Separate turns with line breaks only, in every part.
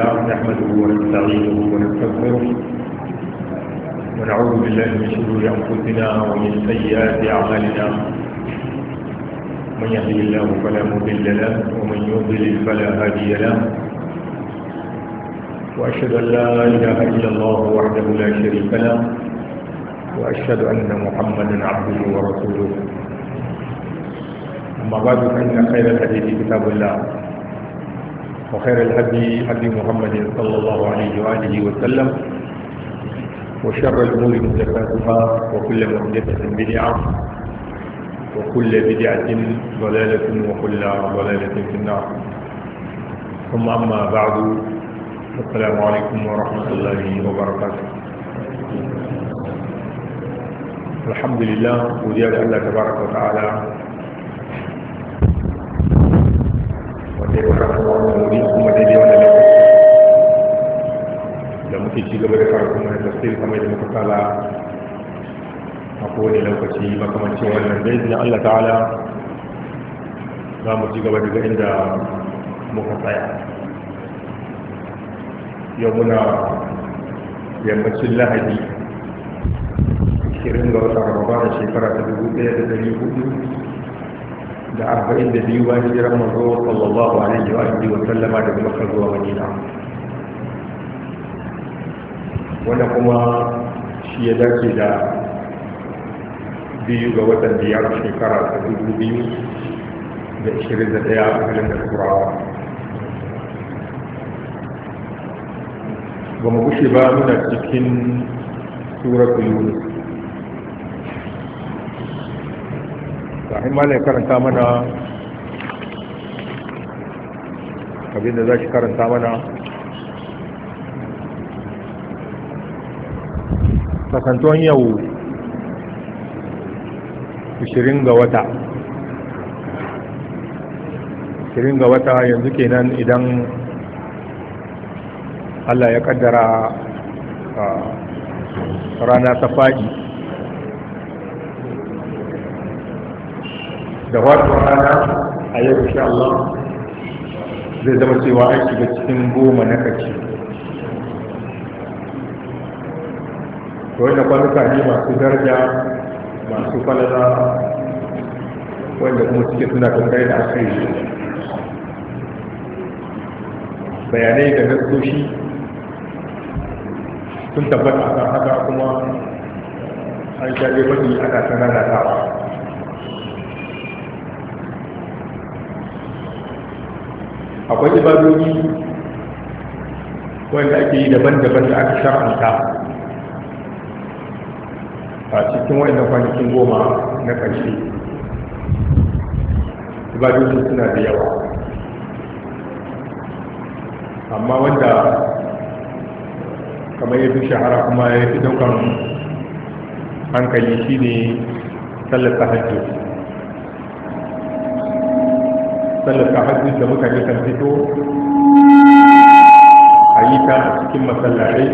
نحمده ونستعينه ونستغفره ونعوذ بالله من شرور انفسنا ومن سيئات اعمالنا من يهده الله فلا مضل له ومن يضلل فلا هادي له واشهد ان لا اله الا الله وحده لا شريك له واشهد ان محمدا عبده ورسوله اما بعد فان خير الحديث كتاب الله وخير الهدي هدي محمد صلى الله عليه وآله وسلم وشر الأمور محدثاتها وكل محدثة بدعة وكل بدعة ضلالة وكل ضلالة في النار ثم أما بعد السلام عليكم ورحمة الله وبركاته الحمد لله وديع الله تبارك وتعالى wanda ya fara wuri kuma daidai wanda lokaci da muke ci gaba da karatu na tafsir kamar da muka kala a kowane lokaci makamancin wannan da izinin Allah ta'ala za mu ci gaba daga inda muka tsaya yau muna yammacin lahadi 20 ga watan ramadana shekara ta dubu da ɗari 1400 da arba'in da biyu bayan hijiran manzo sallallahu alaihi wa alihi wa sallama daga makka zuwa madina wanda kuma shi ya dace da biyu ga watan biyar shekara ta dubu biyu da ishirin da ɗaya a kalin turawa ba mu gushe ba muna cikin suratul yunus kafin ma ne karanta mana abin da za shi karanta mana kasantuwan yau 20 ga wata 20 ga wata yanzu kenan idan Allah ya kaddara ah, rana ta faɗi da wato rana a yau insha Allah zai zama cewa an shiga cikin goma na kaci wanda kwanuka ne masu daraja masu falala wanda kuma suke suna kankari da aka bayanai da nasoshi sun tabbata a kan haka kuma an shaɗe faɗi ana sanana tawa akwai ibadoji wanda ake yi daban-daban da aka shar'anta a cikin wa'annan kwanakin goma na ƙarshe ibadoji suna da yawa amma wanda kamar ya fi shahara kuma ya fi daukan hankali shine sallar Hajji. sallar tahajjud da mutane kan fito a yi ta a cikin masallarai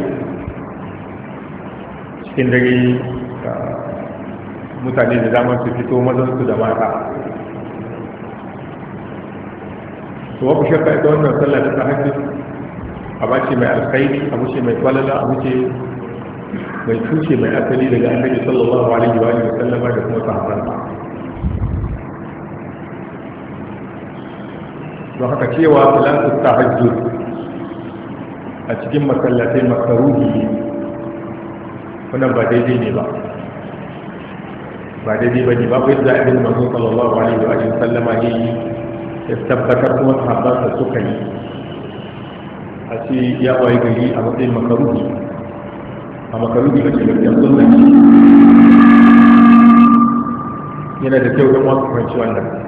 cikin dare mutane da dama su fito mazan su da mata to wafi shakka ita wannan sallar ta tahajjud a bace mai alkhairi a wuce mai kwalala a wuce mai cuce mai asali daga annabi sallallahu alaihi wa sallam da kuma sahabbansa don haka cewa salatu tahajjud a cikin masallatai makaruhi wannan ba daidai ne ba ba daidai ba ne babu yadda abin mazu sallallahu alaihi wa alihi sallama ne ya tabbatar kuma sahabbansa suka yi a ce ya waye gari a matsayin makaruhi a makaruhi ga cikin sunna yana da kyau don wasu kwanci wannan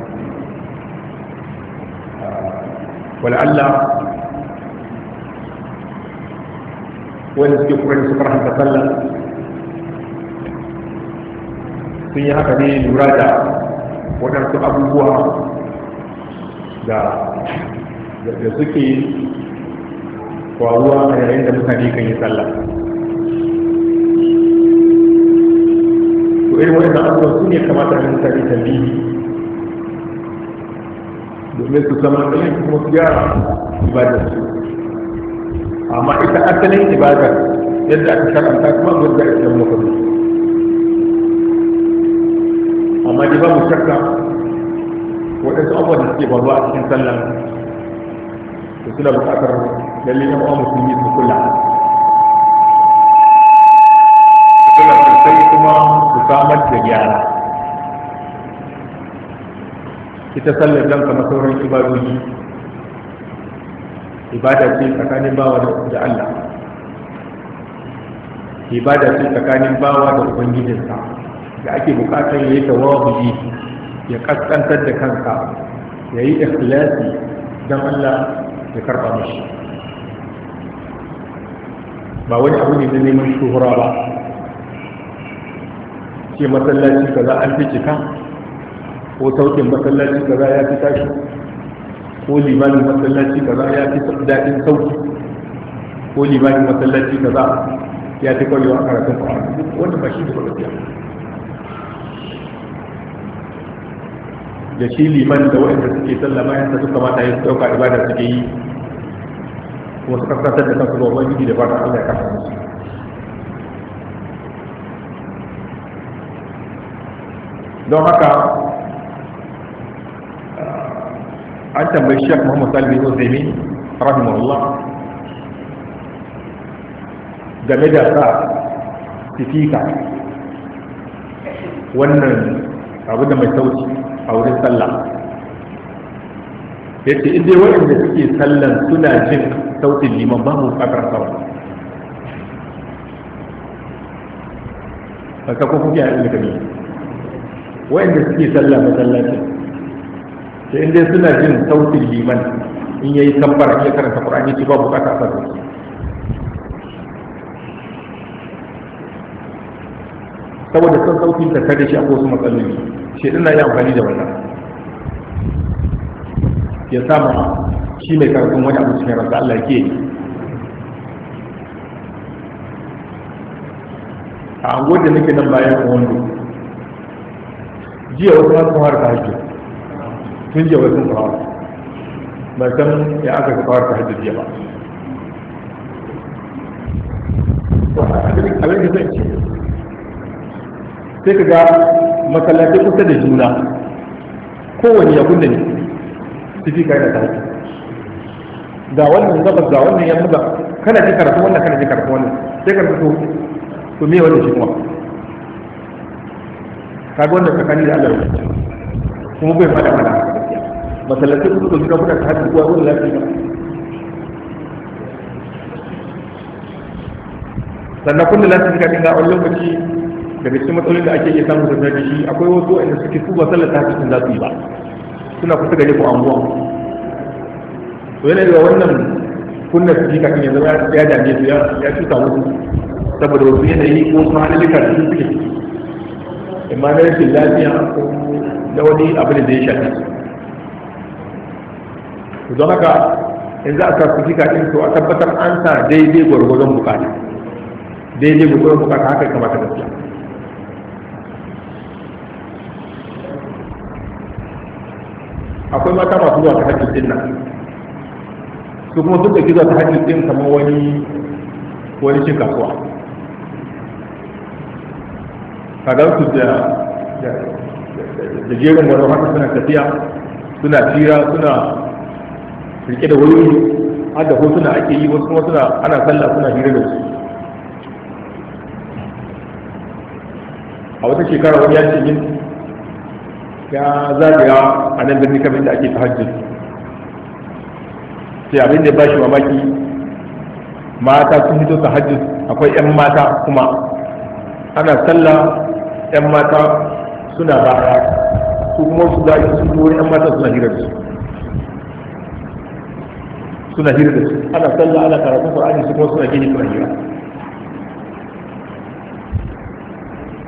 wala Allah wanda suke da su farhanta sallah sun yi haka ne lura da waɗansu abubuwa da suke kwaruwa a yayin da mutane kan yi sallah Ko irin wani da abubuwa su ne kamata domin su zama ɗaya kuma su gyara ibadar su amma ita asalin ibadar yadda aka sharanta kuma yadda aka zama kuma amma dai babu shakka waɗansu abubuwan da suke faruwa a cikin sallah da suna buƙatar lalle yan uwa musulmi su kula kula sosai kuma su samar da gyara ita sallar nan kamar sauran ibadoji ibada ce tsakanin bawa da Allah ibada ce tsakanin bawa da ubangijinsa da ake bukatar ya yi tawahuji ya kaskantar da kansa ya yi ikhlasi don Allah ya karɓa mashi ba wani abu ne na neman shuhura ba ce masallaci kaza an fi cika ko sautin masallaci kaza ya fi tashi ko limanin masallaci kaza ya fi daɗin sauki ko limanin masallaci kaza ya fi kwarewa a karatun ƙwararru wanda ba shi da gaskiya da shi liman da waɗanda suke sallama yansa su kamata ya ɗauka ibada suke yi kuma suka kasar da kansu zuwa ubangiji da fata Allah ya kasa musu don haka an tambayi shek muhammad salihu bin usaimi rahimahullah game da sa sifika wannan abu da mai sauci a wurin sallah ya ce inda suke sallan suna jin sautin liman ba mu bukatar sawa a kakwakwaki a suke masallacin sai in dai suna jin sautin liman in yayi kabbara ya karanta qur'ani ci babu kata sa saboda san sautin ta tare shi a wasu matsaloli shi na yi amfani da wannan ya sama shi mai karatun wani abu cikin rasa Allah ke a angon da nake nan bayan wando jiya wasu masu har ta hajjo tun jiya wajen kurawa ba san ya aka fara ta hajji jiya ba abin da zai ce sai ka ga masallatai kusa da juna kowane ya kunna ne su fi kai da ta ga wannan gabas ga wannan ya ga kana ji karatu wannan kana ji karatu wannan sai ka fito to me wannan shi kuma kaga wannan tsakani da Allah kuma bai fada fada masallacin kuka kuka kuka ta haɗu kuwa wani lafiya sannan kun da lafiya kafin ga wani lokaci da bishin matsalolin da ake iya samun sassa da shi akwai wasu waɗanda suke su ba sallar ta cikin za su yi ba suna kusa gare ku buwan to yana da wannan kunna su jika kan ya ya dame su ya cuta musu saboda wasu yanayi ko kuma halilika da su suke Imanar na lafiya ko na wani abin da ya shafi don haka in za a sa su jika din to a tabbatar an sa daidai gwargwadon bukata daidai gwargwadon bukata haka kamata gaskiya akwai mata masu zuwa ta hajji din nan su kuma duk da ki zuwa ta hajji din kamar wani wani cin kasuwa kagar su da
da jerin wani haka suna
tafiya suna tira suna rike da wani har da hotuna ake yi wasu kuma na ana sallah suna hira da su a wata shekara wani ya ce min ya zagaya a nan birni kamar da ake ta tahajjud sai abin da ba shi mamaki mata sun ta tahajjud akwai 'yan mata kuma ana sallah 'yan mata suna baya su kuma su zagaya sun wani 'yan mata suna hira da su suna hira da su ana sallah ana karatun qur'ani su kuma suna gini suna hira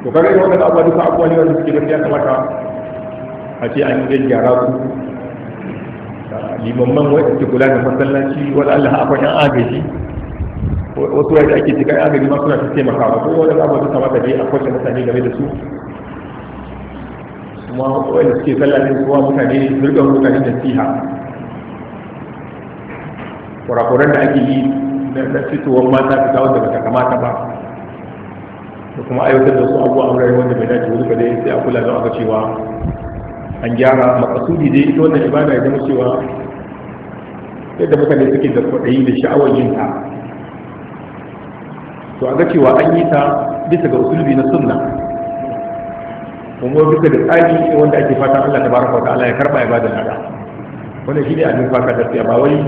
to kaga irin wannan abubuwa duka abubuwa ne wanda suke gaskiya kamata a ce an yi gyara su limamman wai suke kula da masallaci wala Allah akwai yan agaji wasu wanda ake cika yan agaji ma suna ta taimakawa ko wanda abubuwa duka mata dai akwai da mutane game da su kuma wanda suke sallah ne kuma mutane su rika mutane da siha kurakuran da ake yi na fitowar mata fita wanda bata kamata ba da kuma aiwatar da su abuwa a wurare wanda bai dace wani ba dai sai a kula don aka cewa an gyara makasudi dai ita wannan ibada ya zama cewa yadda mutane suke da kwaɗayi da sha'awar yin ta to a ga cewa an yi ta bisa ga usulubi na sunna kuma bisa da tsari wanda ake fatan Allah ta baraka wa ta'ala ya karɓa ibadar nada wannan shine abin fata gaskiya ba wai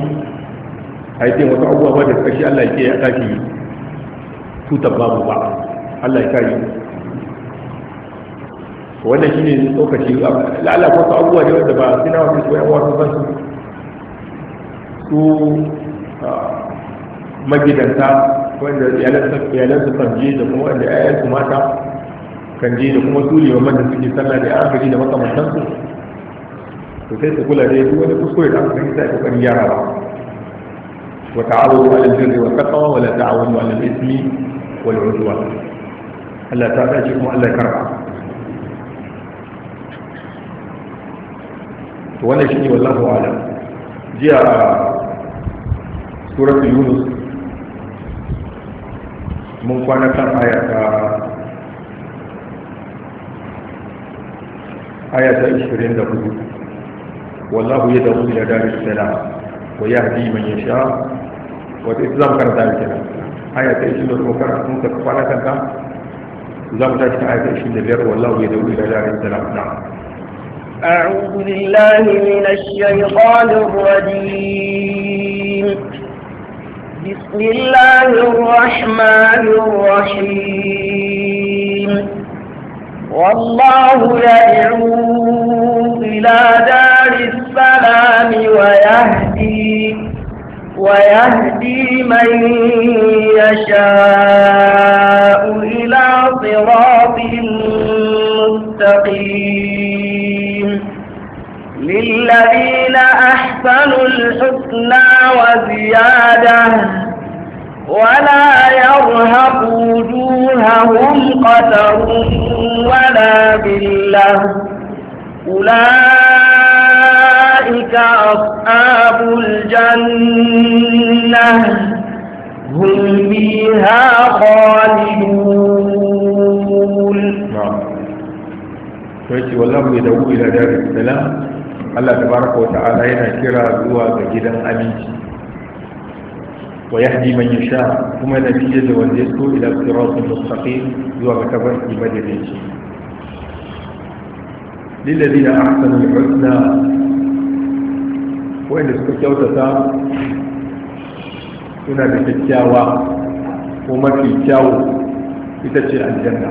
Ayi yi wasu abubuwa ba da kashi Allah ke ya kashi tutar babu ba Allah ya kashi wannan shi ne tsokaci la'ala wasu abubuwa da wanda ba suna wasu su yan wasu ba su su magidanta wanda yalansu kan je da kuma wanda yayansu mata kan je da kuma su limaman da suke sallah da yan gari da makamantansu to sai su kula da duk wani kuskure da aka gani sai a kokarin ba. وتعاونوا على البر والتقوى ولا تعاونوا على الإثم والعدوان ألا تعتاجكم ألا كرم ولا شيء والله أعلم جاء سورة يونس من كان كان آية آية 24 والله يدعو إلى دار السلام ويهدي من يشاء wato islam kan mu karanta kenan aya ta 20 da kuma karanta ta ka kwana kanka za mu tashi aya ta biyar wallahu ya dauri da jarin salam na أعوذ
بالله من الشيطان الرجيم بسم الله الرحمن الرحيم والله يدعو إلى دار السلام ويهدي ويهدي من يشاء إلى صراط مستقيم للذين أحسنوا الحسنى وزيادة
ولا يرهق وجوههم قتر ولا بالله أولئك أولئك أصحاب الجنة
هم فيها خالدون
sauci wallahu ya dawo ila dare salam Allah tabaraka wa ta'ala yana kira zuwa ga gidan aminci wa yahdi man yasha kuma yana fiye da wanda ya so ila sirat mustaqim zuwa ga tabar ibadin shi lillazina ahsanu al-husna wanda suka kyautata suna da kyakkyawa ko mafi kyawu ita ce aljanna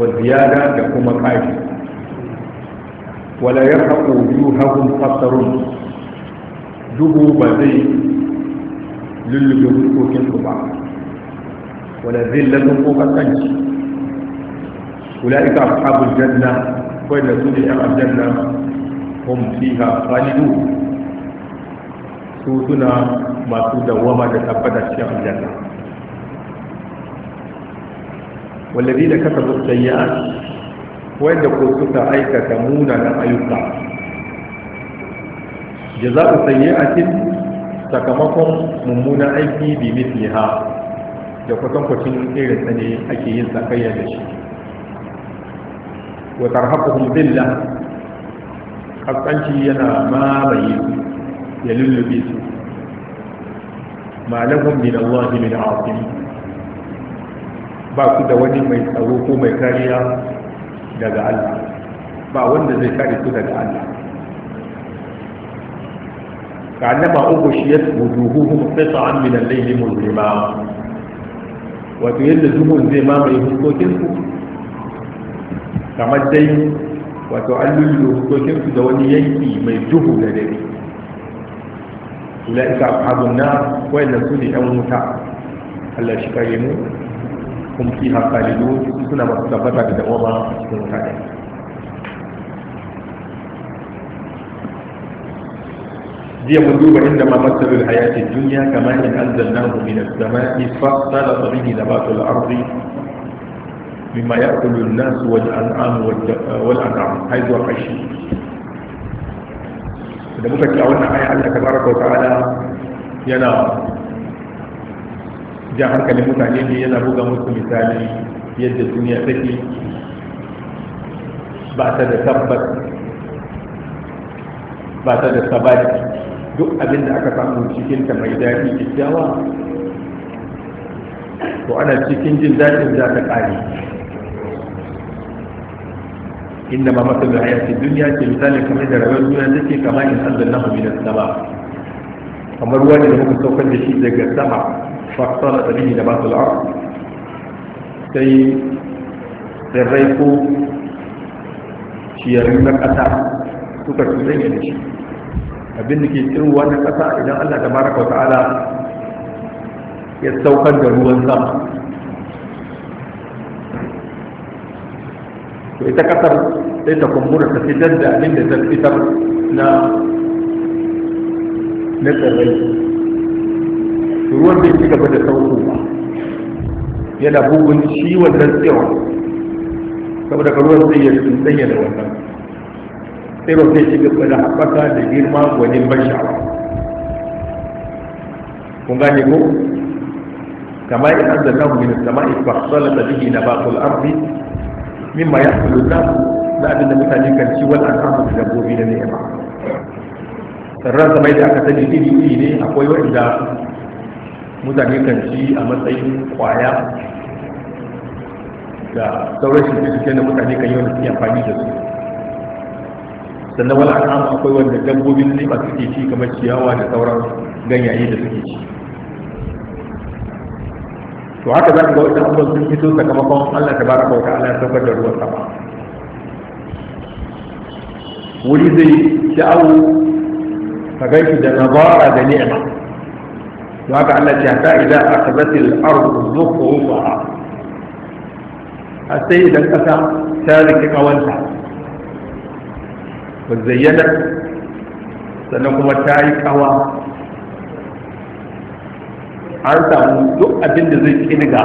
wa ziyada da kuma kashi wala ya haƙo yuhahun fasarun duhu ba zai lullube hukokin su ba wala zillatun ko kasanci ula'ika ashabul janna wanda su ne yan aljanna hum fiha khalidu su suna masu dawama da tabbata cikin aljanna wallazi da kasa sayyi'at wanda ko suka aikata munanan ayyuka jaza'u sayyi'atin sakamakon mummunan aiki bi misliha da kwatankwacin irin sa ne ake yin sakayya da shi wa tarhaquhum billah kaskanci yana mamaye su ya lullube su malakun min Allah min asim ba su da wani mai tsaro ko mai kariya daga Allah ba wanda zai kare su daga Allah كأنما أغشيت وجوههم قطعا من الليل مظلما وتيل زمن zai mamaye يهوكو تلكو kamar dai wato an lullu hukokinsu da wani yanki mai duhu da dare ila isa abhabun na wayannan su ne yan wuta Allah shi kare mu kuma fi haƙalilu suna masu tabbata da dawama a cikin wuta ɗaya jiya mun duba inda ma matsalul hayatin duniya kama in anzalnahu min as-sama'i fa talata bihi nabatu al-ardi ya مما يأكل al'amu والأنعام والأنعام haizuwa العيش da muka ci a wannan aya Allah tabaraka wa ta'ala yana ja hankalin mutane ne yana buga musu misali yadda duniya take ba ta da tabbat ba ta da sabati duk abin da aka samu cikin ta mai daɗi kyakkyawa to ana cikin jin daɗin za ta ƙare inda ma masu da hayati duniya ce misali kamar da rayuwar duniya take kama in sallallahu min as-sama kamar ruwa da muka saukar da shi daga sama fasala da bihi da basul ard sai tsirrai ko ciyarin na ƙasa suka tsutsanya da shi abin da ke tsirowa na ƙasa idan allah da baraka wa ta'ala ya saukar da ruwan sama to ita kasar sai ta kumbura ta fitar da abin da ta fitar na na tsirrai ruwan bai ci gaba da sauko ba yana bugun ciwon da tsewa saboda ka ruwan zai yi tsanya da wannan sai ba zai ci gaba da haɓaka da girma gwanin ban sha'awa kun gane ko kama in an zanna hu min sama'i fa salata bihi nabatul ardi mimma ya fi lullu na da mutane kan ci wani an'amu da dabbobi da ni'ima sarran samai da aka sani iri iri ne akwai wanda mutane kan ci a matsayin kwaya da sauran shirke-shirke da mutane kan yi wani suke amfani da su sannan wani an'amu akwai wanda dabbobin ni'ima suke ci kamar ciyawa da sauran ganyaye da suke ci to haka za ku ga wannan abubuwan sun fito sakamakon Allah ta baraka wa ta'ala ya saukar da ruwan sama wuri zai sha'awu ka ganshi da nazara da ni'ima to haka Allah ya ta idan akabatil ardu zukhrufa har sai idan kasa ta rike kawanta ba zayyana sannan kuma ta yi kawa an samu duk abin da zai kirga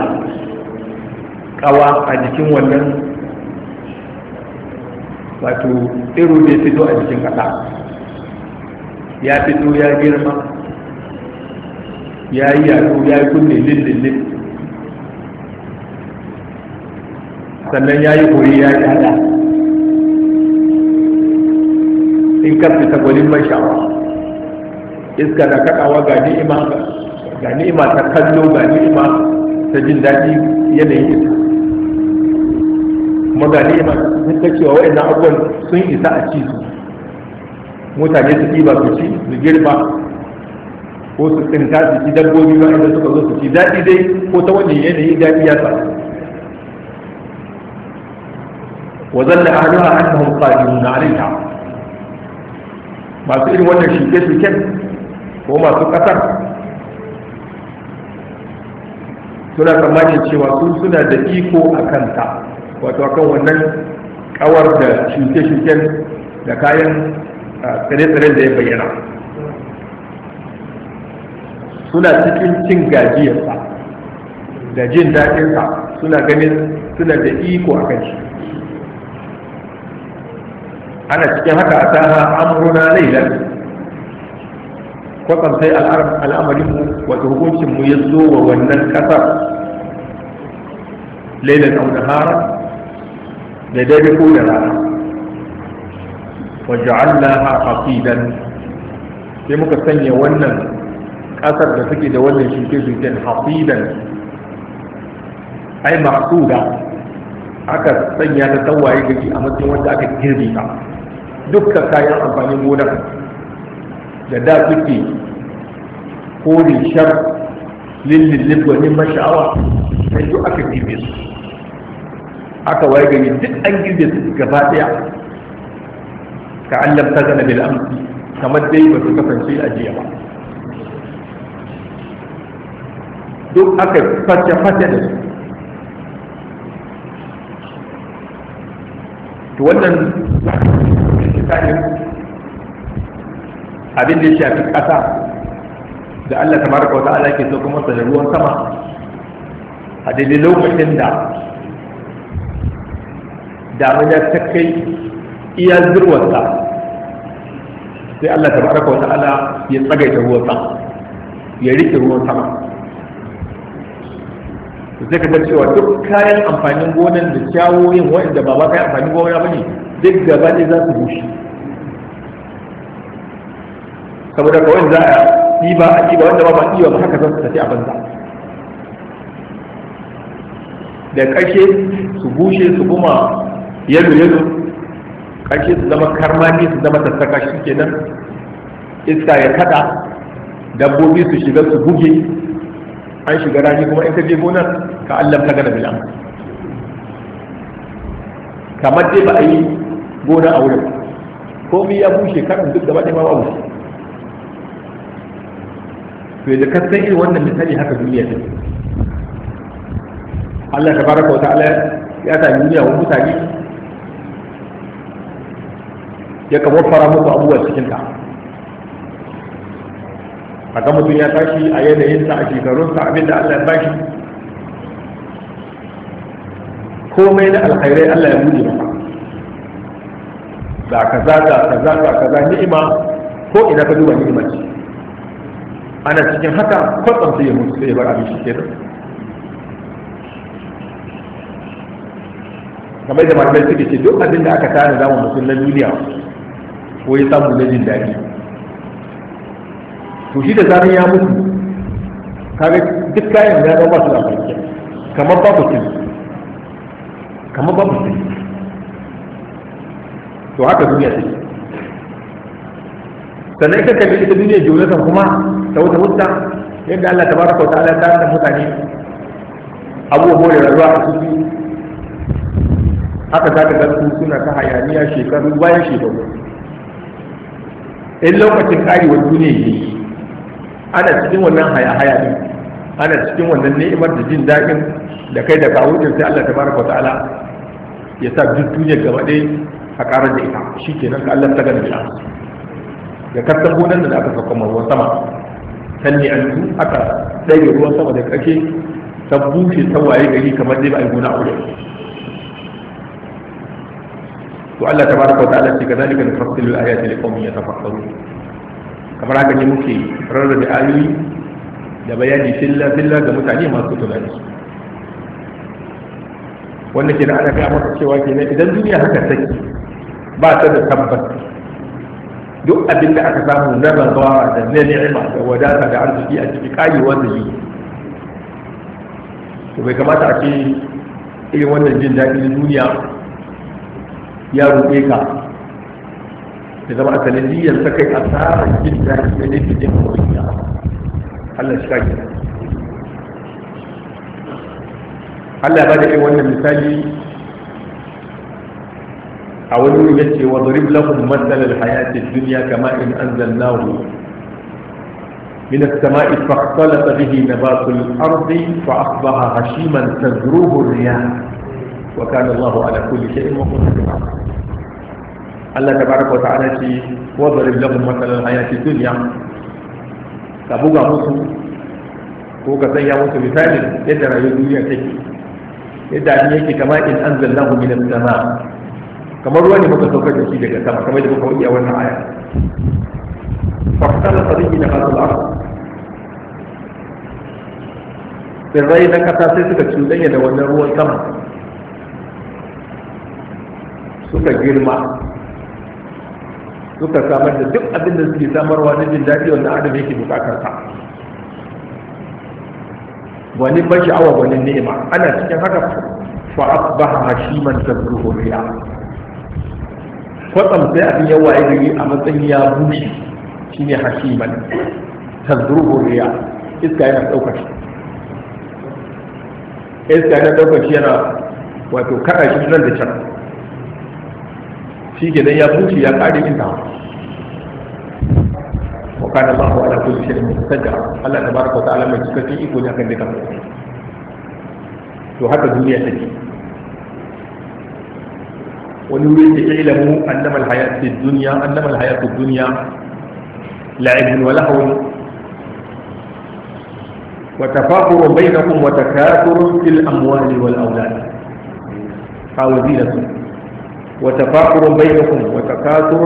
kawa a jikin wannan wato tsiro da ya fito a jikin ƙasa ya fito ya girma ya yi yato ya yi kunne lillillin sannan ya yi kori ya yi hada in ka fita gwanin mai sha'awa iska na kaɗawa ga ni'ima ga ni'ima ta kallo ga ni'ima ta jin daɗi yanayin ita kuma ga ni'ima sun ta cewa wa'annan abubuwan sun isa a ci su mutane su ɗiba su ci su girba ko su tsinta su ci dabbobi ba inda suka zo su ci daɗi dai ko ta wani yanayi daɗi ya sa wa zalla ahluha annahum na alaiha masu irin wannan shike-shiken ko masu ƙasar suna tsammanin cewa su suna da iko a kanta wato akan wannan kawar da shuke-shuken da kayan tsare-tsaren da ya bayyana suna cikin cin gajiyarsa da jin daɗinsa suna ganin suna da iko a kan shi ana cikin haka a taha amuruna lailan kwakwam sai al'amarinmu mu wata hukuncin ya zo wa wannan kasar lailan auna hara da dare ko da rana wa ja'alnaha aqidan sai muka sanya wannan kasar da suke da wannan shuke-shuken hafidan ai masu da, aka sanya ta tawaye gari a matsayin wanda aka girbe ta dukkan kayan amfanin gonar da da kuke kore shar lillin gwanin masha'awa sai duk aka girbe su aka waye gari duk an girbe su gaba daya ka allam ta gana bil amsi kamar dai ba su kasance a jiya ba duk aka face-face da su to wannan tsakanin abin da ya shafi ƙasa da Allah Ta tabaraka wata ala ke so kuma da ruwan sama a daidai lokacin da damina ta kai iya zirwarta sai Allah Ta tabaraka wata ala ya tsagaita ruwan sama ya rike ruwan sama zai ka cewa duk kayan amfanin gonan da kyawoyin da ba ba kayan amfanin gona ba ne duk gaba ne za su bushe saboda ka wanda za a ɗiba a ɗiba wanda ba ba ɗiba ba haka za tafi a banza da ƙarshe su bushe su kuma yalo yalo ƙarshe su zama karmani su zama sassaka shi kenan iska ya kada dabbobi su shiga su buge an shiga rani kuma in ka je gonar ka allam ta gana bilan kamar dai ba a yi gona a wurin komi ya bushe karin duk gaba ɗaya ma ba bushe to da kasan irin wannan misali haka duniya ta Allah ta baraka wata Allah ya sami duniya wani mutane ya ka fara muku abubuwa cikin ta a ga mutum ya tashi a yanayin sa a shekarun sa abin da Allah ya bashi komai na alkhairai Allah ya buɗe maka ga kaza ga kaza ga kaza ni'ima ko ina ka duba ni'ima ce ana cikin haka kwatsam sai ya mutu sai ya bar abin shi kenan kamar da malamai suke ce duk abin da aka tana zamu mutum na duniya ko ya samu na jin daɗi to shi da zarin ya mutu kaga duk kayan ya zama su da kwanciya kamar babu kin kamar babu kin to haka duniya take sannan ita kalli ita duniya jonathan kuma ta wata hujja yadda Allah ta tabaraka wa ta'ala ya da mutane abubuwa da rayuwa a ciki haka za ka gansu suna ta hayaniya shekaru bayan shekaru in lokacin karewar duniya ne ana cikin wannan haya ne ana cikin wannan ni'imar da jin daɗin da kai da kawo sai Allah ta baraka wa ta'ala ya sa duk duniyar gaba ɗaya a ƙarar da ita shi kenan ka Allah ta gani da da kasan gonan da aka sauka ruwan sama sanni a yanzu aka ɗage ruwan sama da ƙarshe ta bushe ta waye gari kamar dai ba a yi gona aure to Allah ta baraka wa ta'ala ce ka zalika nufassilu ayati liqaumin yatafakkarun kamar haka ne muke rarrabe ayoyi da bayani filla filla ga mutane masu tunani wanda ke da ana gaya masa cewa kenan idan duniya haka take ba ta da tabbas duk abin da aka samu na razawa da na ni'ima da wadata da arziki a ciki kayi wanda yi to bai kamata a ce irin wannan jin daɗin duniya ya ruɗe ka da zama a sanadiyyar ta kai asarar jin daɗi da nufin jin duniya Allah shi kage Allah ya bada irin wannan misali a wani wuri ya ce wadrib lahum matsalal hayati duniya kama in anzalnahu من السماء فاختلط به نبات الأرض فأصبح هشيما تزروه الرياح وكان الله على كل شيء مقدرا الله تبارك وتعالى وضرب لهم hayati الحياة Ka buga musu ko ka sanya musu misali yadda rayuwar duniya take yadda abin yake kama in anzalnahu min as-sama kamar ruwa ne muka saukar da shi daga sama kamar da muka wuce a wannan aya faktar sarki da hasul ar tsirrai na kasa sai suka cuɗanya da wannan ruwan sama suka girma suka samar da duk abin da suke samarwa na jin daɗi wanda adam yake bukatar sa wani ban sha'awa wani ne'ima ana cikin haka fa ba hashiman tabruhu riya kwatsam sai abin yawa ya gari a matsayin ya bushe shine hakiman tazruhu riya iska yana daukar shi iska yana daukar shi yana wato kada shi nan da can shi ke ya bushe ya kare inda wa kana Allahu ala kulli shay'in muqtadir Allah tabaraka wa ta'ala mai cikakken iko ne akan dukkan to haka duniya take wani wurin da ilamu annama alhayatu dunya annama alhayatu dunya la'ibun wa lahawun wa tafakurun bainakum wa takathurun fil amwali wal awlad hawazilatu وتفاخر بينكم وتكاثر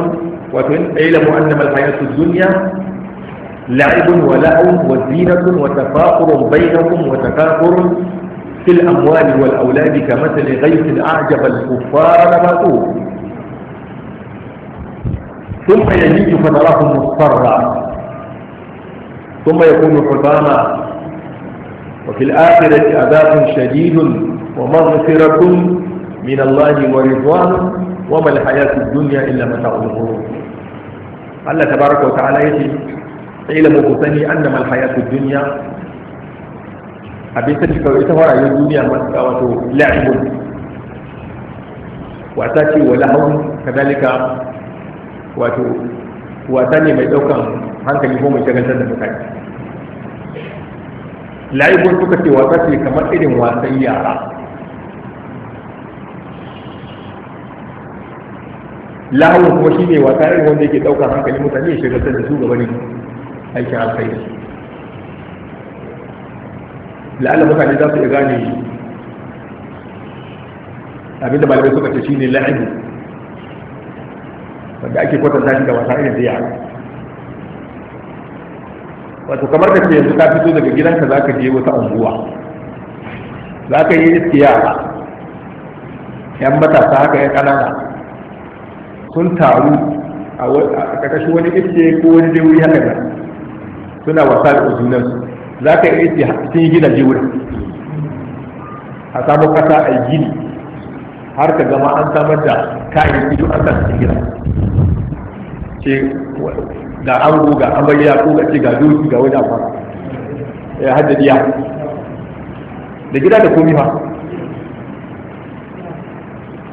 واعلموا انما الحياه الدنيا لعب ولهو وزينه وتفاخر بينكم وتكاثر في الأموال والأولاد كمثل غيث أعجب الكفار مأوه ثم يليج فتراه مضطرا ثم يكون حباما وفي الآخرة عذاب شديد ومغفرة من الله ورضوان وما الحياة الدنيا إلا متاع الغرور الله تبارك وتعالى يقول علم إيه بثني أنما الحياة الدنيا abin sani kawai ita fara yin duniya masu wato la'ibun wata ce wa lahawun kadalika wato wata ne mai daukan hankali ko mai shagaltar da mutane la'ibun suka ce wata ce kamar irin wasan yara lahawun kuma shi ne wata irin wanda yake daukan hankali mutane ya shagaltar da su gabanin aikin alkhairi la'alla mutane za su iya gane da malamai suka ce ne la'ibu wanda ake kwatanta shi da wasa irin da wato kamar da ke yanzu ka fito daga gidanka za ka je wata unguwa za ka yi iske yan matasa haka ya kanana sun taru a ƙarƙashin wani iske ko wani dai wuri haka suna wasa da uzunan za ka yi sun yi gidaje wurin a samu kasa a yi gini har ka gama an samar da kayan ido an sa cikin gida ce ga an ga amarya ko ga ce ga doki ga wani abu eh, ya ya da gida da komi ma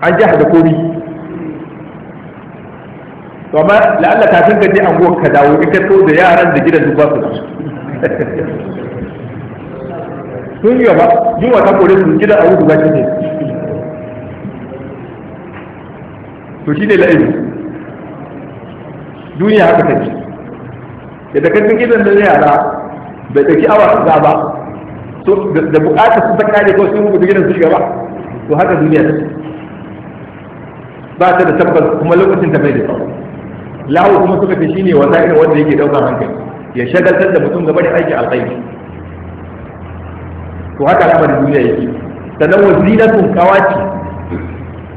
an ji da komi to amma la'alla kafin ka je anguwar ka dawo in ka so da yaran da gidan duk ba su da sun yi ba yi wa kore su gida a wudu zaki ne to shi ne la'ayi duniya haka take da da cikin gidan da yara bai ɗauki awa za ba da buƙatar su ta kare kawai sun mutu gidan su shiga ba to haka duniya ba ta da tabbas kuma lokacin ta bai da tsawo lawo kuma suka ce shine wanda irin wanda yake ɗaukar hankali ya shagaltar da mutum gaba da aiki alkhairi to haka al'amarin duniya yake sannan zinatun kawaci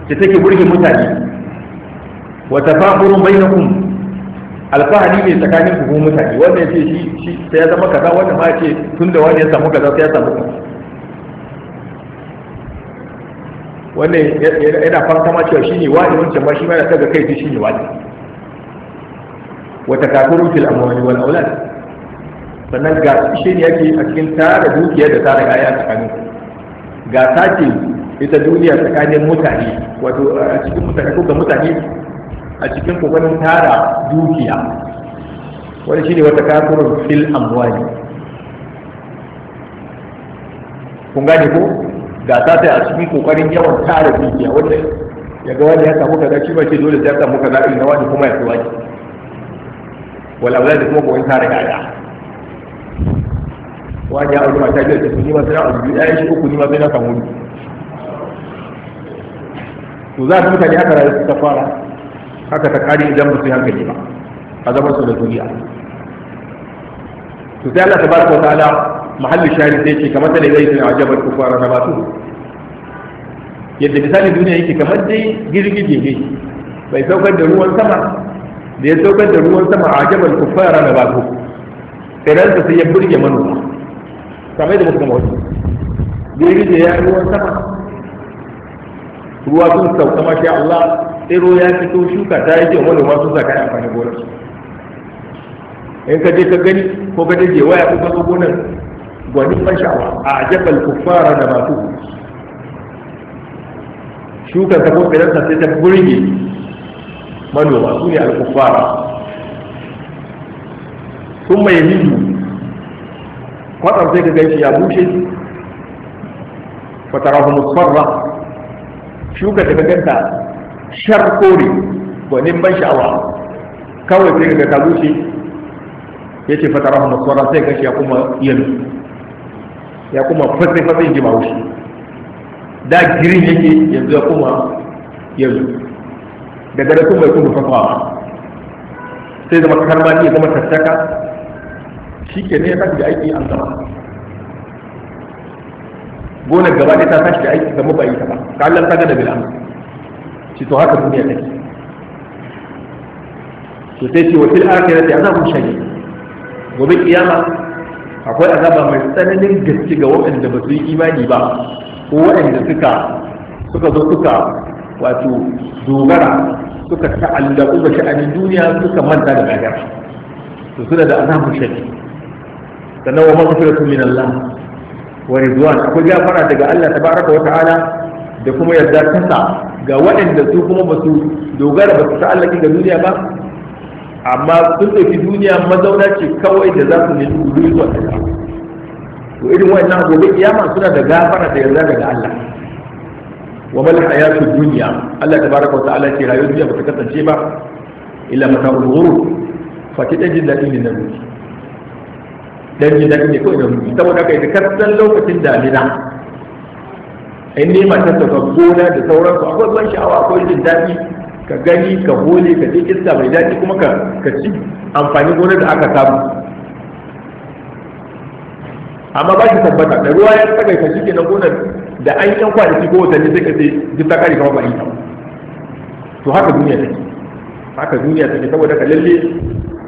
da take burge mutane wa tafahurun bainakum alfahari ne tsakanin ku kuma mutane wannan ya shi shi sai ya zama kaza wannan ma ce tun da wani ya samu kaza sai ya samu kaza wannan yana fata ma cewa shine wani wancan ma shi ma yana daga kai shi ne wani wa takafurun fil amwali wal aulad sannan ga ne yake a cikin tara dukiyar da tara kaya tsakanin ga sace ita duniya tsakanin mutane wato a cikin mutane ko ga mutane a cikin kokarin tara dukiya wani shine wata kafirun fil amwali kun gane ko ga sai a cikin kokarin yawan tara dukiya wanda ya ga wani ya samu kaza shi ba ce dole sai ya samu kaza ina na wani kuma ya tsawaki wala-wala da kuma kokarin tara kaya wani ya aure mata biyar ta su nima suna abu biyu ɗaya shi uku nima sai na samu ni to za su mutane haka rayuwa ta fara haka ta kare idan ba su hankali ba a zama su da duniya to sai Allah tabaraka wa ta'ala mahallin shari sai ce kamar da zai tana ajabar kufara na batu yadda misali duniya yake kamar dai girgije ne bai saukar da ruwan sama da ya saukar da ruwan sama a ajabar kufara na batu tsiransa sai ya burge manoma kamar da muka gama wasu da ya ruwan sama ruwa sun sauka shi Allah tsiro ya fito shuka ta yi kyau manoma sun sa kayan amfani gonar in ka je ka gani ko ka je waya ko ka zo gonar gwani ban sha'awa a ajabal kuffara da masu shukar ta ko tsiransa sai ta burge manoma su ne al sun mai hindu kwatsar sai ka gan ya bushe fatara kuma tsarra shuka da ganta shar kore gwanin ban sha'awa kawai sai ka ta bushe ya ce fatara kuma tsarra sai ka ya kuma yalo ya kuma fasai fasai ji bawushi da girin yake yanzu ya kuma yanzu. daga da kuma ya kuma fasawa sai zama karma ya zama tattaka shi ke ne ya tashi da aiki an zama gonar gaba ɗaya ta tashi da aiki zama ba yi ta ba Kallon ta gada bil amsa shi to haka duniya take to sai ce wa fil akhirati azabun shadid gobe kiyama akwai azaba mai tsananin gaske ga waɗanda ba su yi imani ba ko waɗanda suka suka zo suka wato dogara suka ta'allaku ga sha'anin duniya suka manta da gagara to suna da azabun shadid sannan wa maghfiratu min Allah wa ridwan akwai gafara daga Allah tabaraka wa ta'ala da kuma yarda tasa ga waɗanda su kuma ba su dogara ba su ta'allaki ga duniya ba amma sun ɗauki duniya mazauna ce kawai da za su nemi wuri zuwa ta to irin wannan gobe kiyama suna da gafara da yarda daga Allah wa mal hayatu duniya Allah tabaraka wa ta'ala ce rayuwar duniya ba ta kasance ba illa mata'ul ghurur fa ta jin dadin nan dan jin daɗi ne ko idan mutu saboda haka ita kasan lokacin damina in ne matar ta ka gona da sauransu akwai ban sha'awa akwai jin daɗi ka gani ka hole ka je iska mai daɗi kuma ka ci amfani gona da aka samu amma ba shi tabbata da ruwa ya ka shi kenan gonar da an yan kwanaki ko watanni sai ka ce duk ta kare kawai ba ita to haka duniya take haka duniya take saboda ka lalle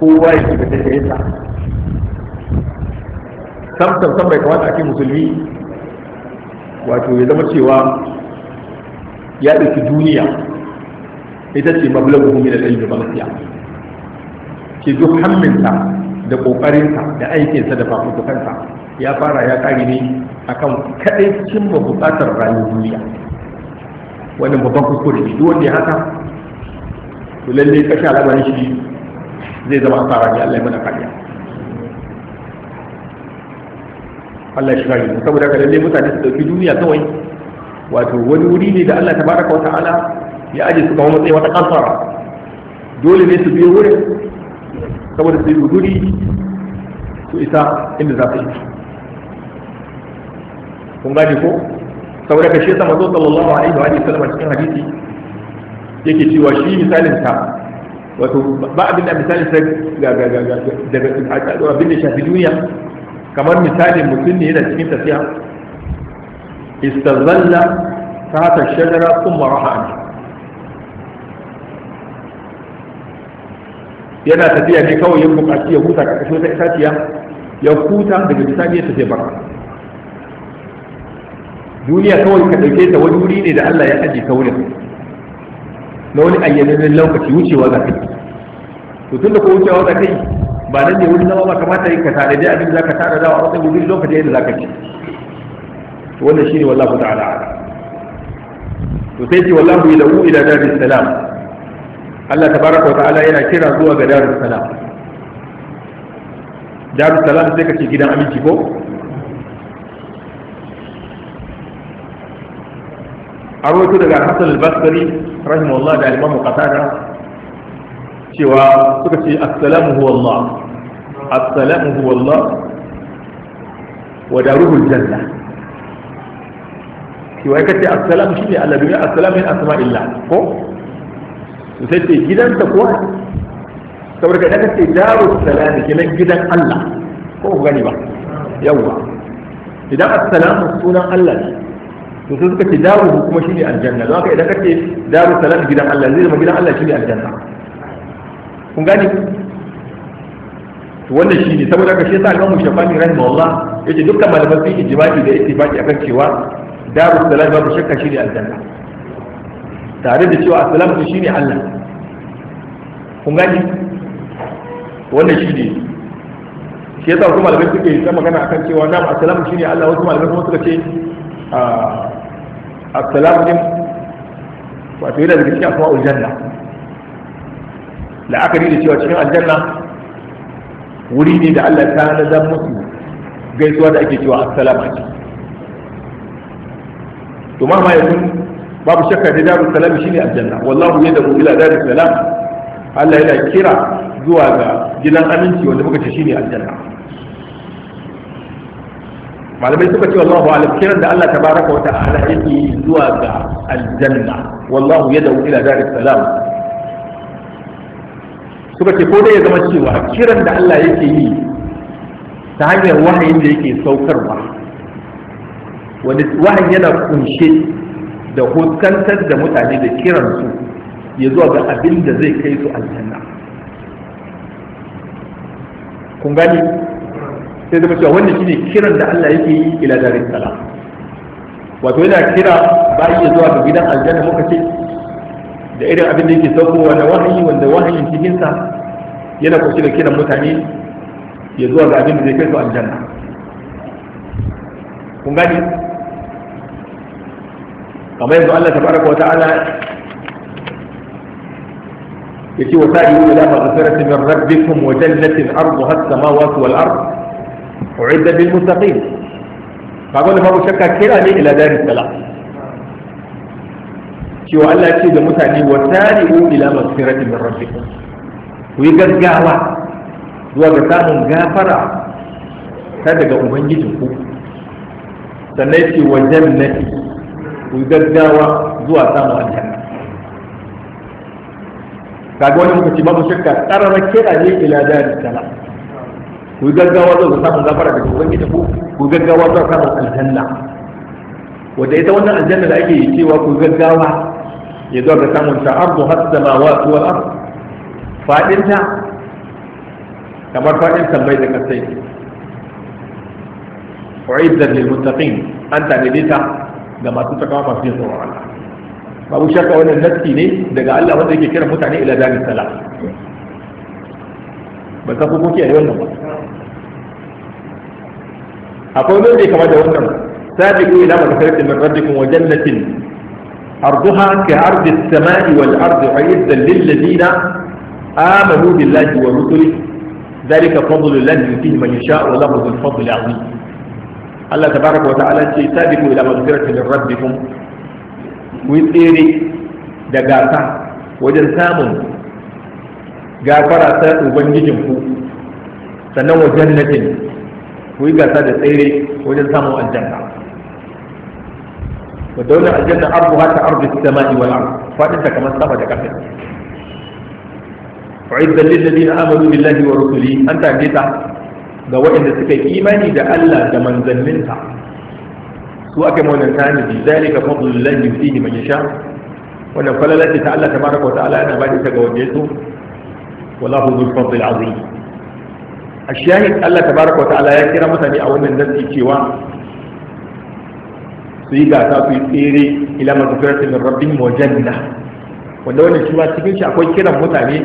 kowa ya shiga ta sam sam bai kamata ake musulmi wato ya zama cewa ya ɗauki duniya ita ce mablagu min al-ilmi ba gaskiya ke duk hamminsa da ƙoƙarinsa da aikinsa da fafutukansa ya fara ya kare ne akan kadai cimma buƙatar rayuwar duniya wannan babban kuskure ne duk wanda ya haka to lalle kashe al'amarin shi zai zama asara ne Allah ya mana kariya Allah shi kare mu saboda kada dai mutane su dauki duniya kawai wato wani wuri ne da Allah tabaraka wa ta'ala ya aje su kawo matsayi wata kansara dole ne su biyo wurin saboda su yi guduri su isa inda za su yi kun gane ko saboda ka kashe sama mazo sallallahu alaihi wa sallam cikin hadisi yake cewa shi misalin ta wato ba abin da misalin sa ga ga ga ga daga abin da shafi duniya kamar misalin mutum ne yana cikin tafiya istazalla ta hata shagara sun maraha ne yana tafiya ne kawai yin bukaci ya huta ƙarƙashin wata itaciya ya huta daga misali ya tafiya bara duniya kawai ka ɗauke ta wani wuri ne da Allah ya ajiye ta wurin na wani ayyanin lokaci wucewa za ka yi to tun da ko wucewa za ka ba nan ne wuri zama ba kamata yin ka tare da abin za ka tare da wa wasan gudu lokaci yadda za ka ci wannan shi ne wallahu ta'ala to sai ce wallahu ila u ila darus salam Allah ta baraka wa ta'ala yana kira zuwa ga darus salam darus salam sai ka ce gidan aminci ko a rawaito daga Hassan al-Basri rahimahullah da al-Imam Qatada cewa suka ce assalamu huwa Allah assalamu huwa Allah wa daruhul janna cewa kace assalamu shine Allah bi assalamu min asma'illah ko sai ce gidan ta ko saboda da kace darus salam kenan gidan Allah ko ku gani ba yawa idan assalamu sunan Allah ne to sai suka ce daru kuma shine aljanna don haka idan kace daru salam gidan Allah zai zama gidan Allah shine aljanna kun gane wannan shi ne saboda ka shi yasa al-Imam Shafi'i rahimahullah yace dukkan malaman fiqh ijma'i da ittifaqi akan cewa darus salam babu shakka shi ne aljanna tare da cewa salam shi ne Allah kun gani wannan shi ne shi yasa wasu malamai suke yi magana akan cewa na? salam shi ne Allah wasu malamai kuma suka ce a ah, salam din wato yana daga cikin asma'ul janna la'akari da cewa cikin aljanna wuri ne da Allah ta na nazar musu gaisuwa da ake cewa assalamu alaikum to ma ma yakun babu shakka da daru salam ne aljanna wallahu yad'u ila dar salam Allah yana kira zuwa ga gidan aminci wanda muka ce ne aljanna malamai suka ce wallahu alam kiran da Allah ta tabaraka wa ta'ala yake zuwa ga aljanna wallahu yad'u ila dar salam suka ce ko dai ya zama cewa kiran da Allah yake yi ta hanyar wahayin da yake saukarwa wani wahayin yana kunshe da huskantar da mutane da kiransu ya zuwa ga abin da zai kai su aljanna kun gani sai zama cewa wannan shine kiran da Allah yake yi ila darin salam wato yana kira bayan ya zuwa ga gidan aljanna muka ce da irin abin da yake saukowa na wahayi wanda wahayin cikinsa yana kunshe da kiran mutane ya zuwa ga abin da zai kai su aljanna kun gani kamar yanzu Allah tabaraka wa ta'ala yake wa sa'i sa'idu ila maghfiratin min rabbikum wa jannatin arduha as-samawati wal ard u'idda bil muttaqin kaga wannan babu shakka kira ne ila daris salam cewa Allah ce da mutane wa tarihu ila magfirati min rabbikum ku yi gaggawa zuwa ga samun gafara ta daga ubangijinku sannan ce wa jannati ku yi gaggawa zuwa samun aljanna kaga wani muka ce babu shakka tsararra kira ne ila jari sala ku yi gaggawa zuwa ga samun gafara daga ubangijinku ku yi gaggawa zuwa samun aljanna wadda ita wannan aljanna da ake cewa ku gaggawa ya zo ga samun ta ardu har samawati wal ard fadin ta kamar fadin tambayi da kasai uiddat lil muttaqin an tanade ta ga masu takawa masu yin tsoron Allah babu shakka wannan nassi ne daga Allah wanda yake kira mutane ila darin salam ba ta kuma kiyaye wannan ba akwai wanda ya kama da wannan sabiqu ila maghfiratin min rabbikum wa jannatin أرضها كأرض السماء والأرض عيزا للذين آمنوا بالله ورسله ذلك فضل الله يؤتيه من يشاء وله ذو الفضل العظيم الله تبارك وتعالى سابقوا إلى مغفرة من ربكم ويسيري دقاتا وجن سامن غافرة وبنجنكم سنو جنة ويقاتا دسيري وجن سامن الجنة ودولة الجنة أرضها كأرض السماء والأرض فأنت كما سبب تكفي أعيد للذين آمنوا بالله ورسله أنت أجيت دواء إن تكي إيماني دا ألا دا من ذنبنت سواء كما ننتان ذلك فضل الله يؤتيه من يشاء وأن قال لك تعالى تبارك وتعالى أنا بعد تجاوزته والله ذو الفضل العظيم الشاهد الله تبارك وتعالى يا كرامة أو أن الناس يشيوان su yi gasa su yi tsere ila mazukirati min rabin wa janna wanda wani shi ma cikin shi akwai kiran mutane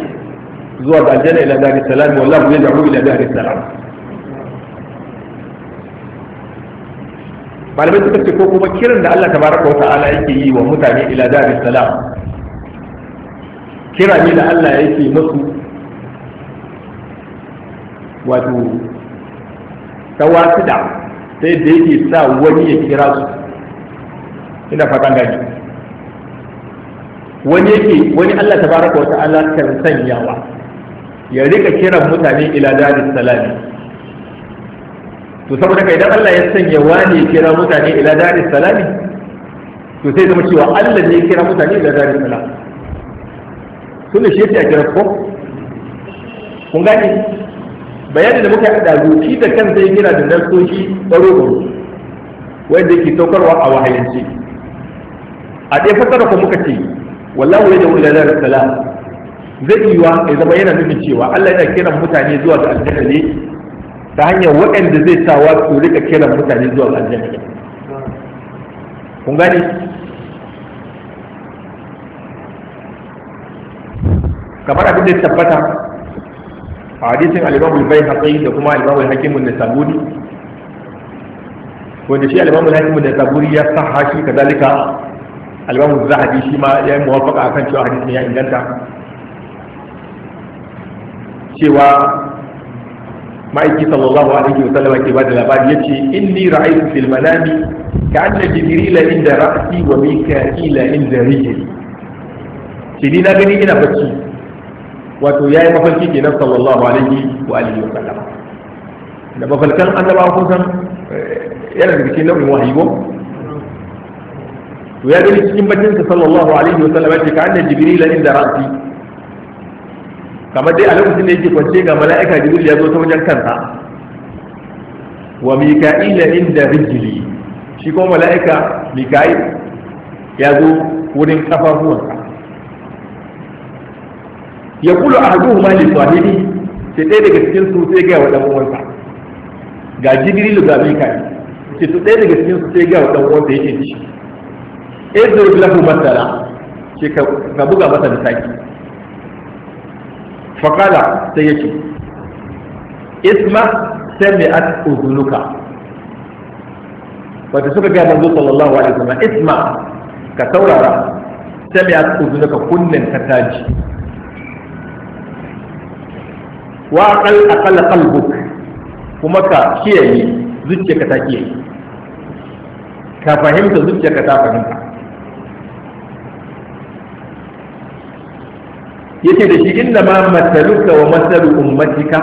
zuwa ga aljanna ila dari salam wallahu yad'u ila dari salam malamai suka ce ko kuma kiran da Allah tabaraka wa ta'ala yake yi wa mutane ila dari salam kira ne da Allah yake musu wato tawasida sai da yake sa wani ya kira su ina fatan gani wani yake wani Allah tabaraka wa ta'ala kan sanyawa ya rika kiran mutane ila daris salami to saboda kai idan Allah ya sanya wani ya kira mutane ila daris salami to sai zama cewa Allah ne ya kira mutane ila daris salami tunda shi ya a kira ko kun gani bayanin da muka da shi da kansa ya kira da nasoshi baro baro wanda yake saukarwa a wahayance a ɗaya fassara ko muka ce wallahu ya jawo ila sala zai yi wa ya zama yana nufin cewa Allah yana kira mutane zuwa ga aljanna ne ta hanyar waɗanda zai sa wa su rika kira mutane zuwa ga aljanna kun gane kamar abin da ya tabbata a hadisin al-Imam al da kuma al Hakimun da hakim wanda shi al Hakimun da hakim an ya sa haƙi kadalika al-imamu zahabi shi ma ya yi muwafaka akan cewa hadisin ya inganta cewa ma'aiki sallallahu alaihi wa sallam ke bada labari ya yace inni ra'aytu fil manami ka anna jibrila inda ra'si wa mika'ila inda rijli shi ni na gani ina bacci wato yayi mafarki kenan sallallahu alaihi wa alihi wa sallama da mafarkan annabawa kun san eh, yana da cikin nau'in wahayi to ya gani cikin bakin sa sallallahu alaihi wa sallam ka anna jibril inda rafi kamar dai a lokacin da yake kwance ga mala'ika jibril ya zo ta wajen kansa wa mika'il inda rijli shi ko mala'ika mika'il ya zo wurin kafafuwansa ya kulu ma li sahibi sai ɗaya daga cikin su sai ga wa ɗan uwansa ga jibril ga mika'il sai ɗaya daga cikin su sai ga wa dan uwansa yake shi idrib lahu masala ce ka buga masa misali faqala sai yace isma sami'at uzunuka wata suka ga manzo sallallahu alaihi wasallam isma ka saurara sami'at uzunuka kunnen ka taji wa aqal aqal qalbuk kuma ka kiyaye zuciyarka ta kiyaye ka fahimta zuciyarka ta fahimta yake da shi inda ma matsaluka wa matsalu ummatika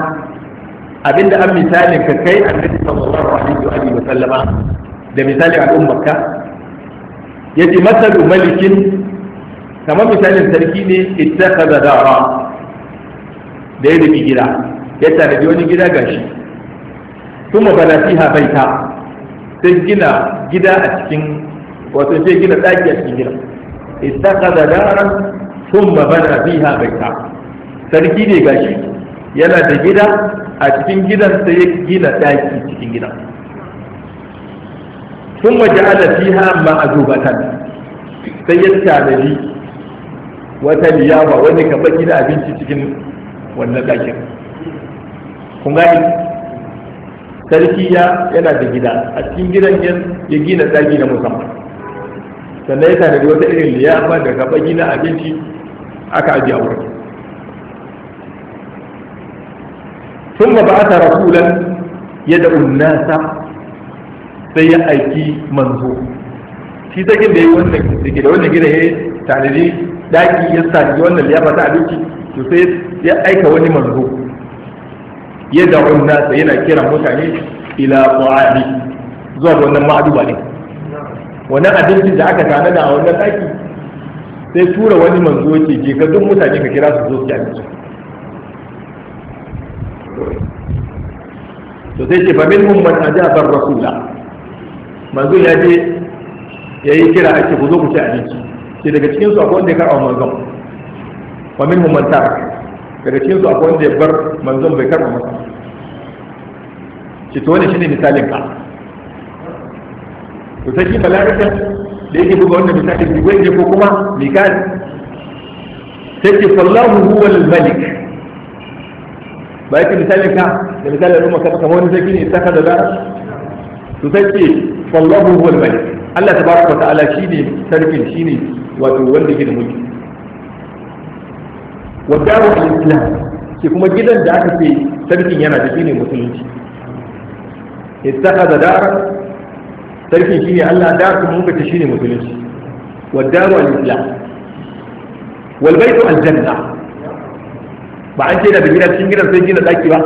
abinda an misali ka kai annabi sallallahu alaihi wa alihi wa sallama da misali al'ummarka yace matsalu malikin kamar misalin sarki ne ittakhadha dara da ya rubi gida ya tarabi wani gida gashi kuma bana fiha baita sai gina gida a cikin wato sai gina daki a cikin gida ittakhadha daran sun mabana biha baita sarki ne gashi yana da gida a cikin gidan sai ya gina ɗaki cikin gidan sun waja'ala fiha ma'azubatan sai ya tanadi wata liyawa wani ka baki da abinci cikin wannan ɗakin kun gani sarki ya yana da gida a cikin gidan ya gina ɗaki na musamman sannan ya da wata irin liyafa da ka gina abinci aka ajiye wurin sun ba ba ta rasulan yadda unnasa sai ya aiki manzo shi sakin da ya wannan da da wannan gida ya tanadi daki ya tanadi wannan liyafa ta abinci to sai ya aika wani manzo ya da unnasa yana kira mutane ila ta'ami zuwa wannan wannan ba ne wannan abincin da aka tanada a wannan daki sai tura wani manzo ke je ka duk mutane ka kira su zo su yi su to sai ce famin mun man bar rasula manzo ya je ya yi kira ake ku zo ku ci abinci ce daga cikin su akwai wanda ya karɓa manzon famin mun man tar daga cikin su akwai wanda ya bar manzon bai karɓa masa ce to wani shine misalin ka to sai ki mala'ika da yake buga wannan misali jibril gwaje ko kuma mikal sai ce fallahu huwa al-malik ba yake misalin ka da misalin al'umma ka kamar wani sarki ne saka da zara to sai ce fallahu huwa al-malik Allah tabaraka wa ta'ala shine sarkin shine wato wanda yake da mulki wa daru al-islam ke kuma gidan da aka ce sarkin yana da shine musulunci ittakhadha dara sarki shine Allah da kuma muka ci shine musulunci wa daru al-islam wal baytu al-janna ba an ce da gida cikin gidan sai gina daki ba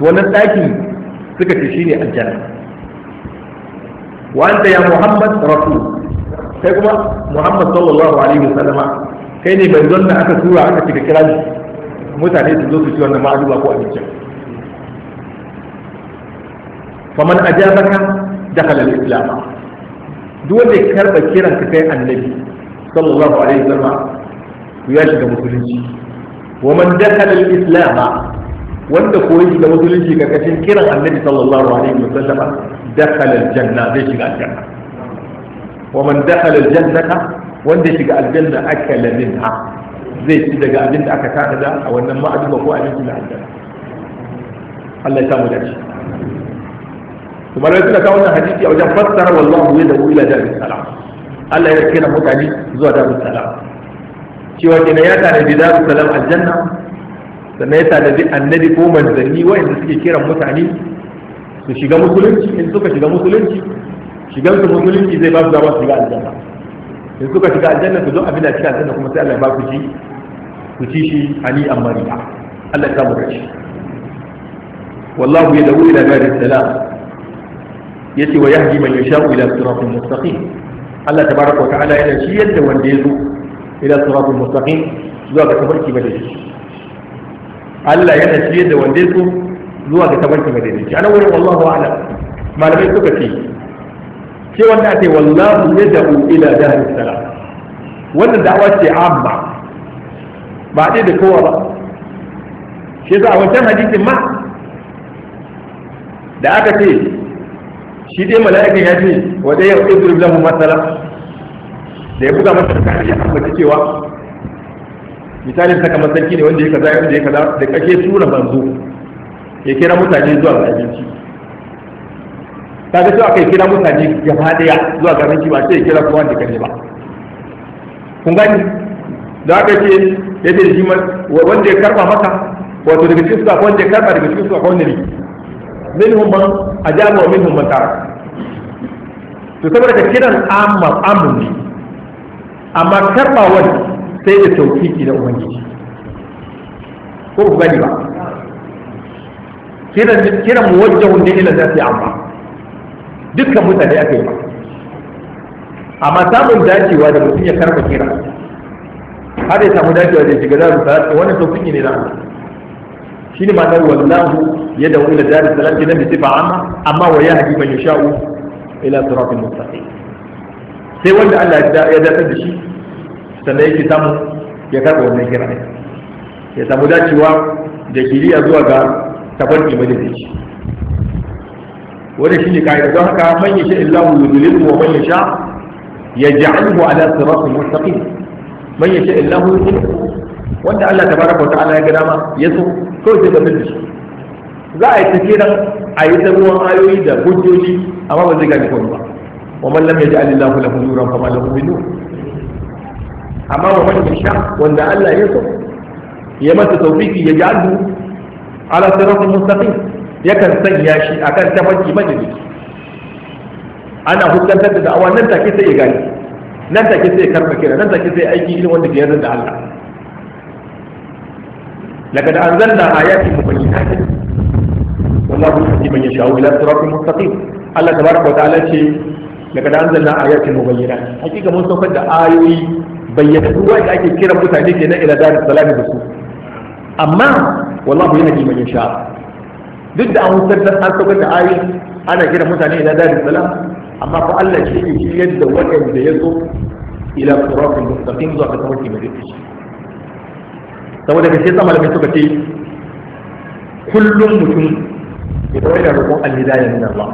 wannan daki suka ci ne aljanna wa anta ya muhammad rasul kai kuma muhammad sallallahu alaihi wasallama kai ne manzon da aka tura aka cika kira mutane su zo su ci wannan ma'aluba ko abincin faman ajabaka dakhala al-islam duk wanda ya karba kiran ka kai annabi sallallahu alaihi wasallam to ya shiga musulunci wa man dakhala wanda ko ya shiga musulunci karkashin kiran annabi sallallahu alaihi wasallam dakhala al-janna zai shiga aljanna wa man dakhala al-jannata wanda shiga aljanna akala minha zai ci daga abin da aka tada a wannan ma'aduba ko abinci na aljanna Allah ya samu dace Kuma malai suka kawo wannan hadisi a wajen fassara wallahu ya da ila da salam Allah ya kira mutane zuwa da salam cewa kenan ya tanadi da salam aljanna sannan ya tanadi annabi ko manzanni wa'anda suke kiran mutane su shiga musulunci in suka shiga musulunci shigan su musulunci zai ba su dama su shiga aljanna in suka shiga aljanna su zo abin da cikin aljanna kuma sai Allah ya ba ku ci ku ci shi ani amariya Allah ya samu kashi wallahu ya dawo ila gari salam yace wa yahdi man yasha'u ila siratin mustaqim Allah tabaraka wa ta'ala yana shi yadda wanda ya zo ila siratin mustaqim zuwa ga tabarki madaidaici Allah yana shi yadda wanda ya zo zuwa ga tabarki madaidaici anan wurin wallahu a'lam malamai suka ce ce wanda ake wallahu yad'u ila dahris salam wannan da'awa ce amma ba dai da kowa ba shi yasa a wancan hadisin ma da aka ce shi dai mala'ika ya ce wa dai ya idrib lahu masala da ya buga masa da misali ya ambaci cewa misalin saka masarki ne wanda ya kaza wanda ya kaza da kake tura banzo ya kira mutane zuwa ga abinci kaga cewa kai kira mutane gaba daya zuwa ga abinci ba sai ya kira kowa da kare ba kun gani da aka ce ya shi wanda ya karba maka wato daga cikin suka wanda ya karba daga cikin suka wanda ne minhum man ajaba wa minhum man taraka to saboda ka kiran amma amuni amma karbawar sai da taukiki na ubangiji ko ku gani ba kiran kiran muwajjahun ne ila zati amma dukkan mutane aka yi ba amma samun dacewa da mutum ya karba kira har ya samu dacewa da shiga zaru sa'a wannan taukiki ne na Allah shine ma'anar wallahu ya da ila dar salam kidan bi sifa amma amma wa yahdi man yasha'u ila siratin mustaqim sai wanda Allah ya dace da shi sannan yake samu ya karɓa wannan kira ne ya samu dacewa da kiriya zuwa ga tabarki Wani shi ne kaida don haka man yasha illahu yudlilhu wa man ya sha yasha yaj'aluhu ala siratin mustaqim man ya yasha illahu wanda Allah tabaraka wa ta'ala ya ga dama ya so kawai sai gafin da shi za a yi tafi nan a yi ta ruwan ayoyi da hujjoji amma ba zai gane komai ba wa man lam yaj'al Allahu lahu nuran fama lahu min nur amma wa man yasha wanda Allah ya so ya masa tawfiki ya ja'alhu ala siratin mustaqim yakan sanya shi akan tafarki majalis ana hukuntar da da'awa nan take sai ya gani, nan take sai ya karba kira nan take sai aiki irin wanda ke yarda da Allah لقد انزلنا ايات مبينات والله يهدي من يشاء الى صراط مستقيم الله تبارك وتعالى شيء لقد انزلنا ايات مبينات حقيقه من سوف ده ايي بينت هو اللي ake kira mutane kenan ila dar salam da su amma والله يهدي من يشاء duk da an sarta har sauka da ayi ana kira mutane ila dar salam amma fa Allah shi ne yadda wanda ya zo ila sirat al-mustaqim zuwa ga tawakkali da shi saboda ka sai sama suka ce kullum mutum ya zama yana roƙon alhidaya min Allah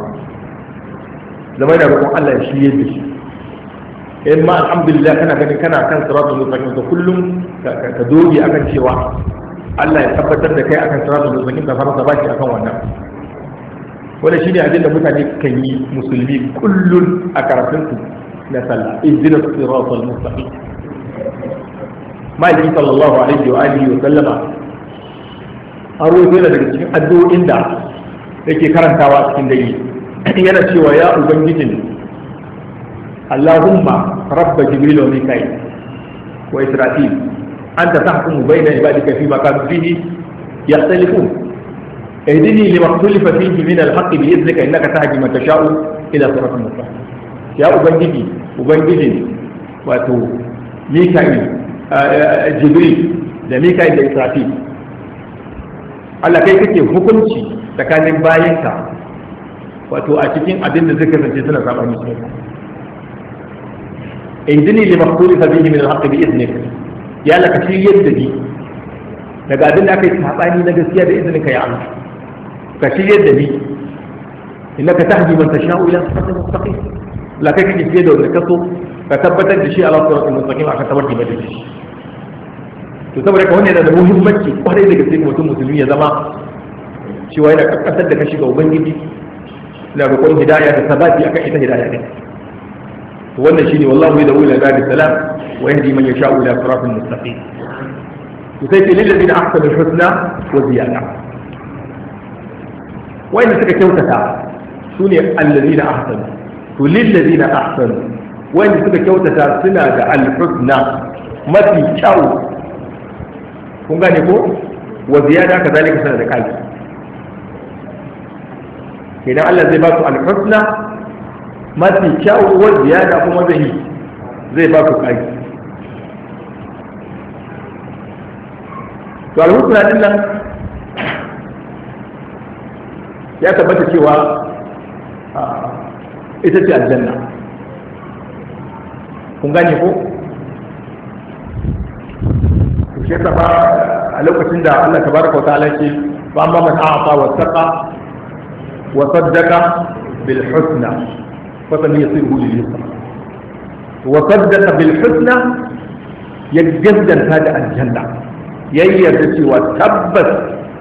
zama yana roƙon Allah ya shirye da shi in eh, ma alhamdulillah kana ganin kana kan siratul mustaqim to kullum ka doge akan cewa Allah ya tabbatar da kai akan siratul mustaqim da fara baki akan wannan wanda shine abin da mutane kan yi musulmi kullum a karatunsu na sallah ihdina siratul mustaqim ma'aiki sallallahu alaihi wa alihi wa sallama a roƙe yana daga cikin addu'o'in da yake karantawa a cikin dare yana cewa ya ubangijin Allahumma rabba jibril wa mikail wa israfil anta tahkumu bayna ibadika fi ma kanu fihi yahtalifun اهدني لما اختلف فيه من الحق باذنك انك تهدي من تشاء الى صراط مستقيم Ya ubangiji ubangiji wato mikail jibril da mika'il da israfil Allah kai kake hukunci tsakanin bayanka wato a cikin abin da zai kasance suna saba ni shi indini li maqtuli fa bihi min al-haqq bi idnik ya laka shi yadda bi daga abin da aka yi sabani na gaskiya da izinin ka ya amsa ka shi yadda bi innaka tahdi man tasha'u ila siratin mustaqim la kai kake fiye da wanda kaso ka tabbatar da shi ala siratul mustaqim akan tabarki mai dace to saboda ka wannan yana da muhimmanci kwarai da gaske mutum musulmi ya zama cewa yana kakkantar da kashi ga ubangiji na roƙon hidaya da sabati akan ita hidaya ne to wannan shine wallahu ya dawo ila ibadi salam wa yahdi man yasha'u ila siratul mustaqim to sai ce lillazina ahsanu husna wa ziyada wa'inda suka kyautata su ne allazina ahsanu to lillazina ahsanu wanda suka kyautata suna da alhusna mafi kyau kun gane ko wa ziyada ka zalika sana da kai idan Allah zai ba su alhusna mafi kyau wa ziyada kuma zai zai ba su kai to alhusna din nan ya tabbata cewa ah, ita ce aljanna kun gane ko shi ta ba a lokacin da Allah tabaraka wa ta'ala ce fa amma man a'ata wa saqa wa saddaqa bil husna fa sanayasiru lil yusra wa saddaqa bil husna ya gaskanta da aljanna yarda cewa tabbas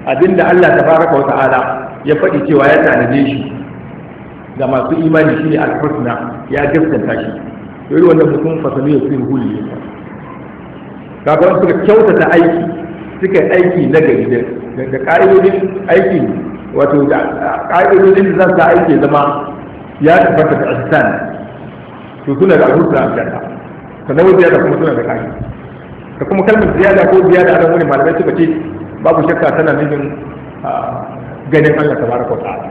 abinda Allah ta tabaraka wa ta'ala ya faɗi cewa ya tanaje shi ga masu imani ne al-husna ya gaskanta shi to wanda mutum fasali ya fi hulli kaga wani suka kyautata aiki suka aiki na gari da ka'idodin aiki wato da ka'idodin da zan sa aiki zama ya tabbata da ihsan to suna da alhuda aljanna sannan wajen yada kuma suna da kayi Ka kuma kalmar ziyada ko ziyada a wani malamai suka ce babu shakka tana nufin ganin Allah tabaraka wa ta'ala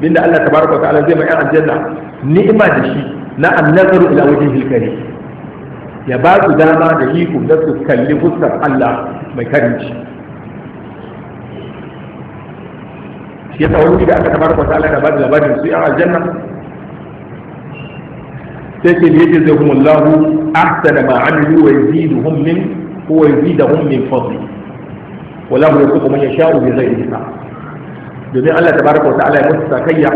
binda Allah tabaraka wa ta'ala zai mai yan aljanna ni'ima da shi na annazaru ila wajen hilkari ya ba su dama da iko da su kalli fuskar Allah mai karinci shi yasa wani da aka tabar kwata Allah da ba da labarin su yan aljanna sai ce yake zai kuma Allah ahsana ma amilu wa yaziduhum min wa yazidahum min fadli wala mu yasu kuma ya sha'u bi zai isa domin Allah tabaraka wa ta'ala ya mutu sakayya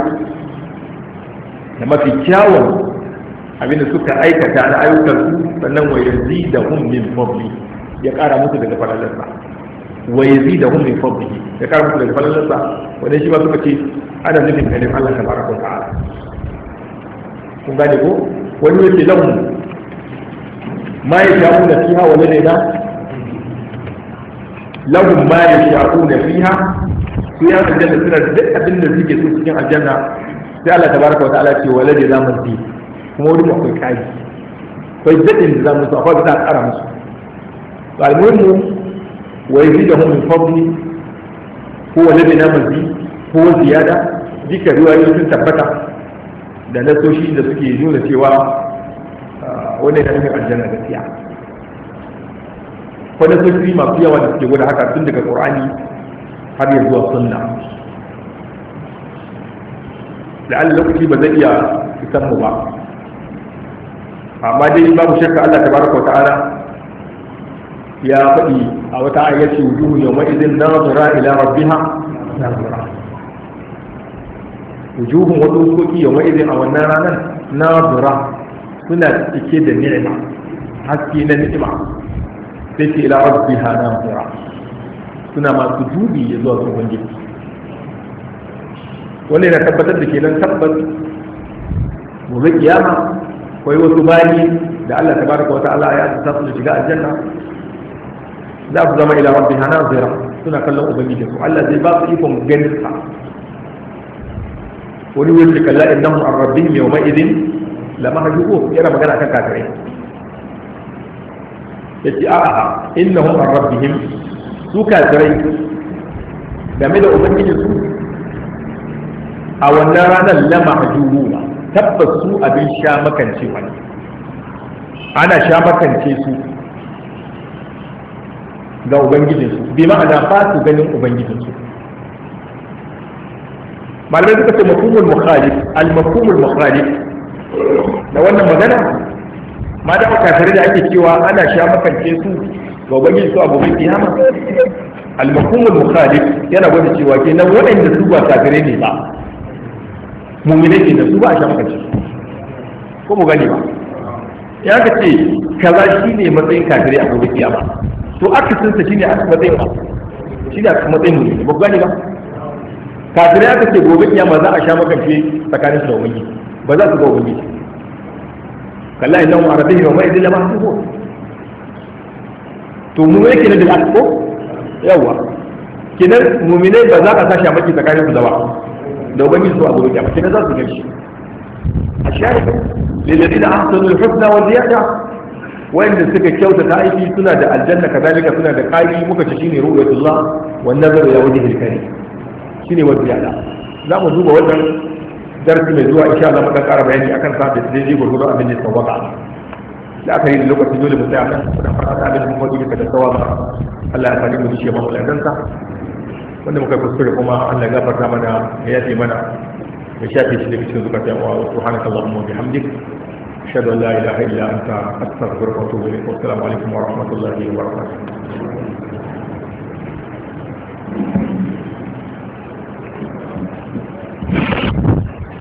da mafi kyawun abinda suka aikata na ayyukansu sannan wa yanzu da hun min fadli ya kara musu daga falalarsa wa yanzu da hun min fadli ya kara musu daga falalarsa wanda shi ba suka ce ana nufin ganin Allah ta baraka wa ta'ala kun gane ko wani yake lahu ma ya shafu na fiha ne na? lahum ma ya shafu na fiha su ya aljanna suna duk abin da suke so cikin aljanna sai Allah ta tabaraka wa ta'ala ce wa ladaina mazid kuma wurin akwai kari akwai daɗin da za musu akwai da za a ƙara musu to almuhimmu wa yi da hum min fadli ko wani ladina mazi ko ziyada duka yi sun tabbata da nasoshi da suke nuna cewa ah, wannan yana nufin aljanna da gaskiya ko nasoshi masu yawa da suke gwada haka tun daga qur'ani har ya zuwa sunna da Allah lokaci ba zai iya fitar mu ba amma dai babu shakka Allah tabaraka wa ta'ala ya faɗi a wata ayyaci wujuhu yawma idin nazara ila rabbiha nazara wujuhun wasu soki yawma idin a wannan ranar nazara suna cike da ni'ima haske na ni'ima sai ce ila rabbiha nazara suna masu dubi ya zuwa ga ubangiji wannan yana tabbatar da kenan tabbas gobe kiyama akwai wasu bayi da Allah tabaraka wa ta'ala ya ta su shiga aljanna za su zama ila rabbiha nazira suna kallon ubangiji su Allah zai ba su ikon ganin sa wani wani da kalla innahum an rabbihim yawma idin la mahjubu yana magana akan kafirai yace a'a innahum an rabbihim su kafirai game da ubangiji su a wannan ranar la mahjubu ba tabbas su abin sha makance wani ana sha makance su ga ubangijinsu bi ma'ana ba su ganin ubangijinsu malamai suka ce mafhumul mukhalif al mafhumul mukhalif da wannan magana ma da tare da ake cewa ana sha makance su ga ubangijin su abubuwan kiyama al mafhumul mukhalif yana gwada cewa kenan da su ba kafirai ne ba mummina ke da su ba a shafa ce ko mu gani ba ya ka ce kaza shi ne matsayin kafiri a gobe ba? to aka sa shi ne a matsayin ba shi ne a matsayin mu ba ku gani ba kafiri aka ce gobe ba za a sha makance tsakanin su da ubangi ba za su ga ubangi kalla inna ba, arabihi wa ma'idin su ko to mu yake na da ko yawa kidan mu'minai ba za ka sa maki tsakanin su da ba da ubangiji zuwa gobe kiyama kenan za su gani a shahid lilladina ahsanu al-husna wa ziyada wanda suka kyauta ta aiki suna da aljanna kazalika suna da kari muka ci shine ru'yatullah wa nazaru ila wajhil karim shine wa ziyada za mu duba wannan darsi mai zuwa insha Allah muka ƙara bayani akan sa da daidai gurgurdo abin da ya sauka da aka yi da lokaci dole mu tsaya nan da fara da abin da muka yi da sauwa Allah ya fadi mu shi ba mu sa. wanda muka kuskure kuma Allah ya gafarta mana ya yafe mana ya shafe shi daga cikin zukatan wa subhanakallahumma wa bihamdik ashhadu an la ilaha illa anta astaghfiruka wa atubu ilayk wa assalamu alaikum wa rahmatullahi wa barakatuh